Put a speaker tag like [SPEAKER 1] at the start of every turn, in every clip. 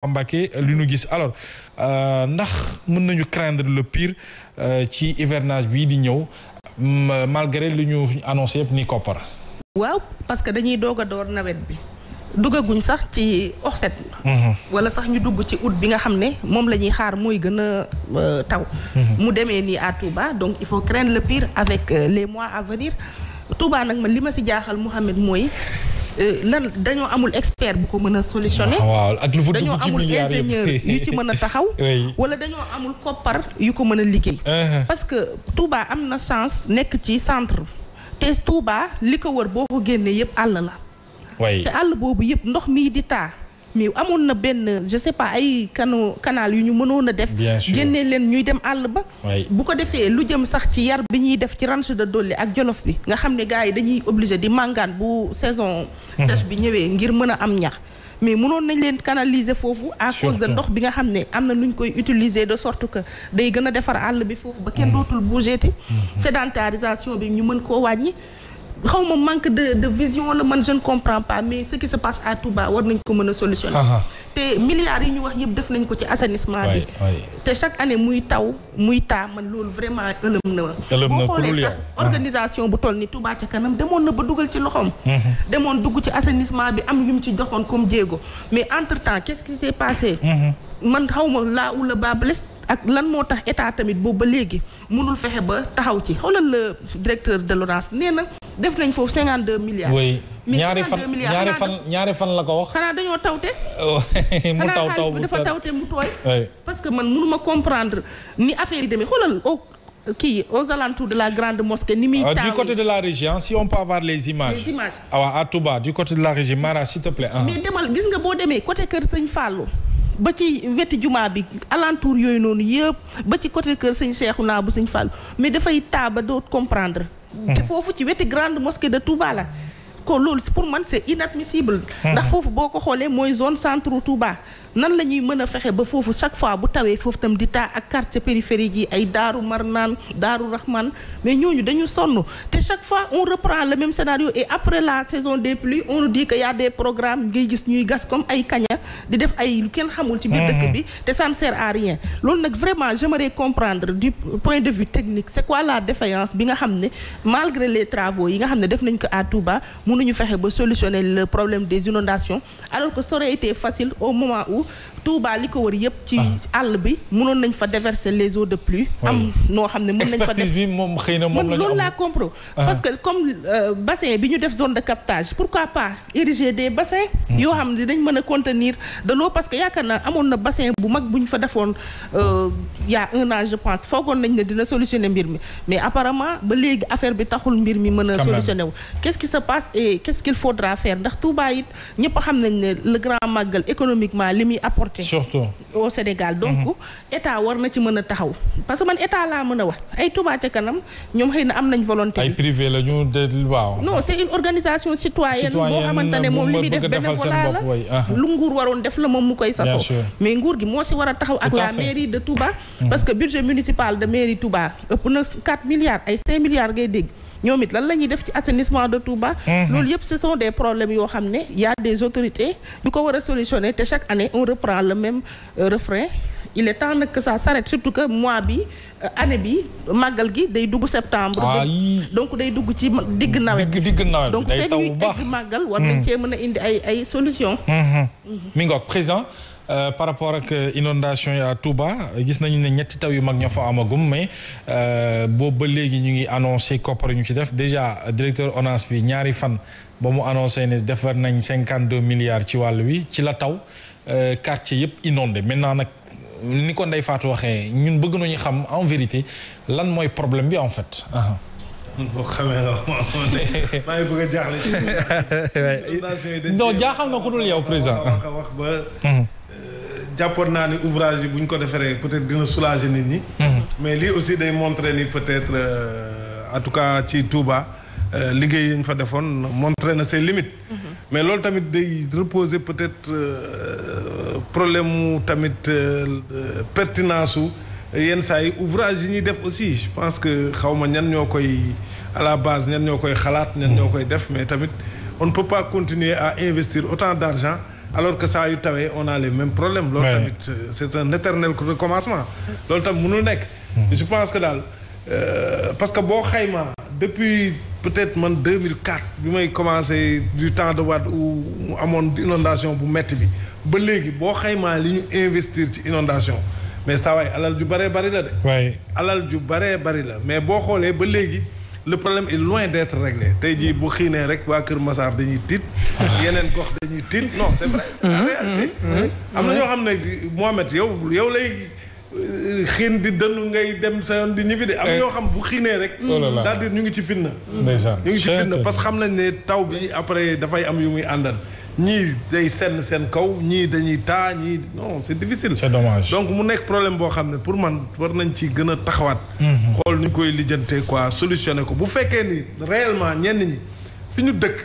[SPEAKER 1] Mbacké li nu gis alors euh, ndax mën nañu craindre le pire euh, ci hivernage bii di ñëw malgré li ñu annoncé yëpp ni koppar
[SPEAKER 2] waaw parce que dañuy doog a door nawet bi dugaguñ sax ci oxset mhm. wala sax ñu dugg ci août bi nga xam ne moom la ñuy xaar mooy gën a euh, taw mhm. mu demee nii à Touba donc il faut craindre le pire avec les mois à venir Touba nag man li ma si jaaxal Mouhamed mooy Euh, lan dañoo amul expert bu ko mën a solutionné ah, dañoo amul ingénieur yu ci mën a taxaw wala dañoo amul koppar yu ko mën a liggéey uh-huh. parce que Touba am na chance nekk ci centre te Touba li ko wër boo ko génnee yëpp àll la te àll boobu yëpp ndox mii di taa mais amoon na benn je sais ay kanu canal yu ñu mënoon a def génnee leen ñuy dem àll ba bu ko defee lu jëm sax ci yar bi ñuy def ci ranch de Dolly ak Jolof bi nga xam ne gars yi dañuy obligé di màngaan bu saison mhm. sèche bi ñëwee ngir mën a am ñax mais mënoon nañ leen canaliser foofu à cause de ndox bi nga xam ne am na lu ñu koy utiliser de sorte que day gën a defar àll bi foofu ba kenn mhm. dootul bouger mhm. ti bi ñu mën koo wàññi xaw ma manque de de vision la man je ne comprends pas mais ce qui se passe à Touba war nañ ko mën a solutionner. te milliards yi ñu wax yëpp def nañ ko ci assainissement bi. te chaque année muy taw muy taa man loolu vraiment ëlëm na ma. ëlëm na boo xoolee sax organisation bu toll ni Touba ca kanam demoon na ba dugal ci loxoom. Mhm. demoon dugg ci assainissement bi am yu mu ci joxoon comme jéego mais entre temps qu'est-ce qui mhm. man xaw ma là où le bas ak lan moo tax état tamit boobu ba léegi mënul fexe ba taxaw ci xoolal le directeur de l'ONAS nee na def nañ foofu cinquante deux milliards. oui ñaari fan ñaari fan
[SPEAKER 1] ñaari fan la ko wax. xanaa dañoo tawte. mu taw taw bu dafa tawte
[SPEAKER 2] mu tooy. parce que man mënuma comprendre ni affaire yi demee xoolal au kii aux alentours de la grande mosquée. ni muy taawee euh, du côté
[SPEAKER 1] de la région si on peut avoir les images. les images ah waaw à du côté de la région mais
[SPEAKER 2] demal gis nga boo demee côté Kër Sëñ Fallou. ba ci weti jumaa bi alentour yooyu noonu yëpp ba ci côté kër sëñ naa bu sëñ Fall mais dafay taa ba doo comprendre. Mhm. te foofu ci weti grande mosquée de Touba la. ko loolu pour man c'est inadmissible. Mhm. ndax foofu boo ko xoolee mooy zone centre Touba. nan la ñuy mën a fexe ba foofu chaque fois bu tawee foofu tam di taa ak quartier périphérique yi ay daaru marnaan daaru rahman mais ñooñu dañu sonn te chaque fois on reprend le même scénario et après la saison des pluies on nous dit que y a des programmes ngay gis ñuy gas comme ay kaña di def ay lu kenn xamul ci biir dëkk bi mhm. te ça ne à rien loolu nag vraiment j'aimerais comprendre du point de vue technique c'est quoi la défaillance bi nga xam ne malgré les travaux yi nga xam ne def nañ ko à Touba mënuñu fexe ba solutionner le problème des inondations tout. Touba li ko wër yëpp. ci ah. àll bi mënoon nañ fa déverser les eaux de pluie. am noo xam ne mën nañ fa def expertise bi moom xëy na la ñu am loolu laa comprendre ah. parce que comme euh, bassin bi ñu def zone de captage pourquoi pas ériger des bassins. Mm. yoo xam ne dinañ mën a contenir de l'eau parce que yaakaar naa amoon na bassin bu mag bu ñu fa defoon euh, y a un an pense foogoon nañ ne dina solutionner mbir mi mais apparemment ba léegi affaire bi taxul mbir mi mën a solutionner wu. qu'est-ce qui se passe et qu'est-ce qu'il faudra faire ndax Touba it ñëpp xam nañ ne le apporter. surtout au Sénégal. donc mhm. état war na ci mën a taxaw parce man état laa mën a wax ay Touba ca kanam ñoom xëy na am nañ volonté. ay
[SPEAKER 1] privé la une
[SPEAKER 2] organisation citoyenne. boo xamante moom li muy def benn volaa la lu nguur waroon def la moom mu koy sasoo. mais nguur gi moo si war a taxaw ak la mairie de Touba. Mhm. parce que budget municipal de mairie Touba ëpp na 4 milliards ay milliards ngay dégg. ñoom it lan ñuy def ci assainissement de Touba. Mhm. loolu yëpp ce sont des problèmes yoo xam ne y a des autorités yu ko war a solutionner te chaque année on reprend le même euh, refrain. il est temps nag sa ça surtout que mois bi euh, année bi màggal gi day dugg septembre. donc day dugg ci digg nawet. digg nawet donc fekk ñuy egg màggal. war nañ mhm. cee mën a indi ay ay solution
[SPEAKER 1] mhm. mi ngoog président. Euh, par rapport ak inondation yi à Touba gis nañu ne ñetti taw yu mag ñoo fa amagum mais euh, boobu ba léegi ñu ngi annoncé koppar ñu ci def déjà directeur ONAS bi ñaari fan ba mu annoncé ne defar nañ cinquante deux milliards ci wàll wi ci la taw euh, quartier yëpp inondé maintenant nag ni ko Ndeye Fatou waxee ñun bëgg nañu xam en vérité lan mooy problème bi en fait. boo xamee nga
[SPEAKER 3] ma maa bëgg a jaaxle ci. non jaaxal na ku dul yow président wax wax mhm. euh, jàppoon naa ni ouvrage yi bu ko defaree peut-être dina soulager nit ñi. Mhm. mais lii aussi day montrer ni peut-être euh, en tout cas ci Touba euh, liggéey yi ñu fa defoon montrer na ses limites. Mhm. mais loolu tamit day reposer peut-être problème mu tamit pertinence su yenn saa yi ouvrage yi ñuy def aussi je pense que xaw ma ñan ñoo koy. à la base ñen ñoo koy xalaat ñen ñoo koy def mais tamit on ne peut pas continuer à investir autant d'argent alors que saa yu tawee on a les mêmes problèmes loolu tamit euh, c'est un éternel recommencement loolu tamit munul nekk hmm. je pense que daal euh, parce que boo xaymaa depuis peut-être man deux mille 2004 bi may commencé du temps de Wade où mu amoon dinondation bu metti bi ba léegi boo xaymaa li ñu investir ci inondation mais saa waay alal ju bëree bëri la de alal ju bëree la mais boo xoolee ba léegi le problème il loin d'être réglé tey jii bu xiinee rek waa Kër Massar dañuy tiit yeneen gox dañuy tiit non c'est vrai c'est la mm-hmm, mm-hmm, mm-hmm. am na ñoo xam ne Mohamed yow yow lay euh, xiin di dënnu ngay dem sa yoon di ñibbi de am ñoo xam bu xiinee rek oh c'est-à-dire ñu ngi ci fitna ñu ngi ci fitna parce que xam nañ ne taw bi après dafay am yu muy àndal ñii day senn seen kaw ñii dañuy taa ñii non c'est difficile. donc mu nekk problème boo xam ne pour man war nañ ci gën a taxawaat. Mhm. xool ni ñu koy lijjantee quoi solutionné ko bu fekkee ni réellement ñenn ñi fi ñu dëkk.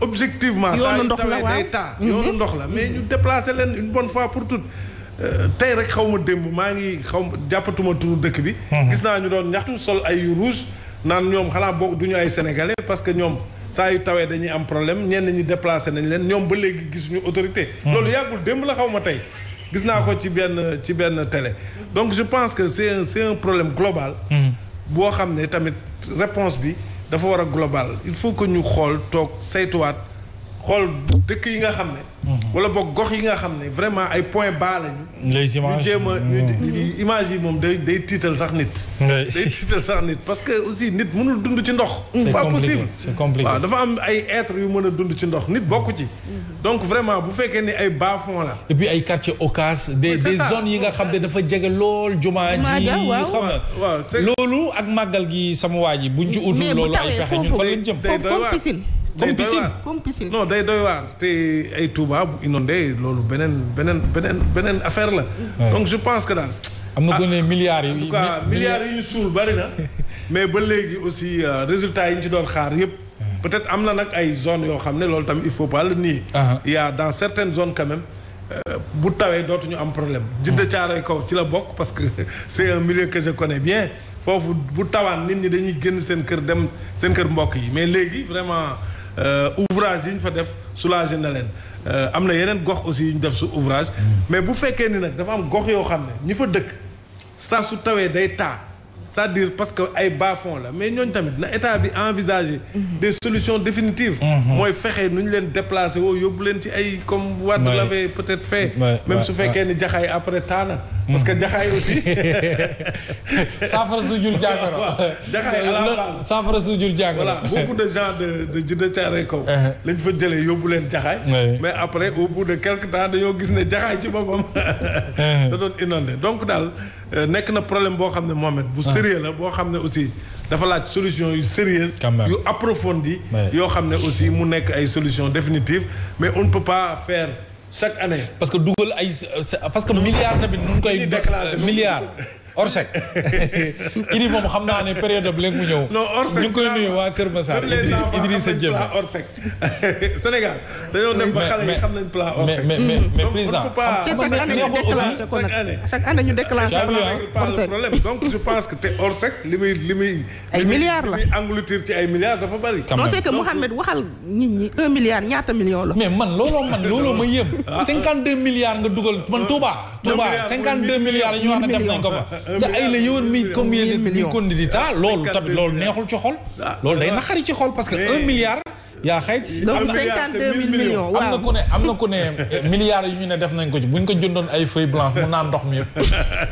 [SPEAKER 3] objectivement yoonu ndox la waaw day taa mhm. yoonu ndox la mais ñu déplacé leen une bonne fois pour toutes. Euh, tey rek xaw ma démb maa ngi xaw ma jàppatuma turu dëkk bi. Mhm. gis naa ñu doon ñaxtu sol ay rouge naan ñoom xanaa bokk du ñu ay sénégalais parce que ñoom. saa yu tawee dañuy am problème ñenn ñi déplacé nañ leen ñoom ba léegi gisuñu autorité. Hmm. loolu yàggul démb la xaw ma tey. gis naa ko ci benn ci benn télé. donc je pense que c' est un un problème global. Hmm. boo xam ne tamit réponse bi dafa war a global il faut que ñu xool toog saytuwaat. xool dëkk yi nga xam ne. Mhm. wala boog gox yi nga xam ne vraiment ay point bas lañu. les images ñu jéem a mhm. yi moom day day tiital sax nit. day tiital sax nit parce que aussi nit mënul dund ci ndox. c'est pas possible c'est dafa am ay être yu mën a dund ci ndox nit bokku ci. Mhm. donc vraiment bu fekkee ni ay bas fond la.
[SPEAKER 1] et puis ay quartier ocas des des zones yi nga xam ne dafa jege lool jumaa ji xam waaw loolu ak màggal gi sama waa ji bu ci utul loolu ay pexe ñun fa lañ jëm. comme
[SPEAKER 3] piscine comme non day doy waar te ay Touba bu inondé loolu beneen beneen beneen beneen affaire la. donc je pense que daal.
[SPEAKER 1] am na ah, gone milliards yi. en tout cas milliards
[SPEAKER 3] yi ñu suul bari na. mais ba léegi aussi euh, résultat yi ñu ci doon xaar yëpp. peut-être am na nag ay zones yoo xam ne loolu tamit il faut pas le nier. Ah. il a dans certaines zones quand même. Euh, bu tawee dootuñu am problème. jidda caaray kaw ci la bokk parce que c'est un milieu que je connais bien foofu bu tawaan nit ñi dañuy génn seen kër dem seen kër mbokk yi mais léegi vraiment. Euh, ouvrage yi ñu fa def soulager na leen euh, am na yeneen gox aussi yu ñu def su ouvrage hmm. mais bu fekkee ni nag dafa am gox yoo xam ne ñu fa dëkk saa su tawee day taa c'est-à-dire parce que ay bas-fonds la mais ñooñ tamit na état bi envisager hmm. des solutions définitives hmm. mooy fexe nu ñu leen déplacer woo yóbbu leen ci ay comme Wade l'avait peut-être fait même su fekkee ni jaxaay après taa na parce que jaxaay aussi.
[SPEAKER 1] saafara su jur jàngoro.
[SPEAKER 3] waaw jaxaay à la base saafara su jur jàngoro. de gens de de de Thiaroye Kaw. Uh-huh. lañ fa jëlee yóbbu leen jaxaay. mais après au bout de quelque temps dañoo gis ne jaxaay ci boppam. Uh-huh. da doon inondé donc daal euh, nekk na problème boo xam ne Mohamed. bu uh-huh. sérieux la boo xam ne aussi dafa laaj solution yu sérieuse yu approfondie yoo xam ne aussi mu nekk ay solution définitive mais on ne peut pas faire. chaque année. parce que dugal ay parce que
[SPEAKER 1] milliards tamit nu koy. milliards. Orsec. Idi moom xam naa ne période bu léegi mu ñëw. non Orsec ñu ngi koy nuyu waa Kër Massar. Idrissa Diémé Orsec.
[SPEAKER 3] Sénégal dañoo dem ba xale yi xam nañ plan Orsec. mais mais
[SPEAKER 2] ñu déclenché plan Orsec.
[SPEAKER 3] donc je pense que te Orsec li muy li muy. ay milliards la li muy engloutir ci ay milliards dafa bari. non c'est que Mouhamed
[SPEAKER 2] waxal nit ñi un milliard ñaata million la.
[SPEAKER 1] mais man looloo man looloo ma yëm. 52 ah. milliards nga dugal man ah. Touba. Touba 52 milliards yi ñu wax ne def nañ ko ba. te ay la yoon mi combien de mi condita loolu tamit loolu neexul ci xol. Ah, loolu day naqari ci xol parce que 1 milliard. yaa xëy ci donc na ku ne am na ku ne eh, milliards yu ñu ne def nañ ko ci bu ñu ko jëndoon ay feuilles blanches mu naan ndox mi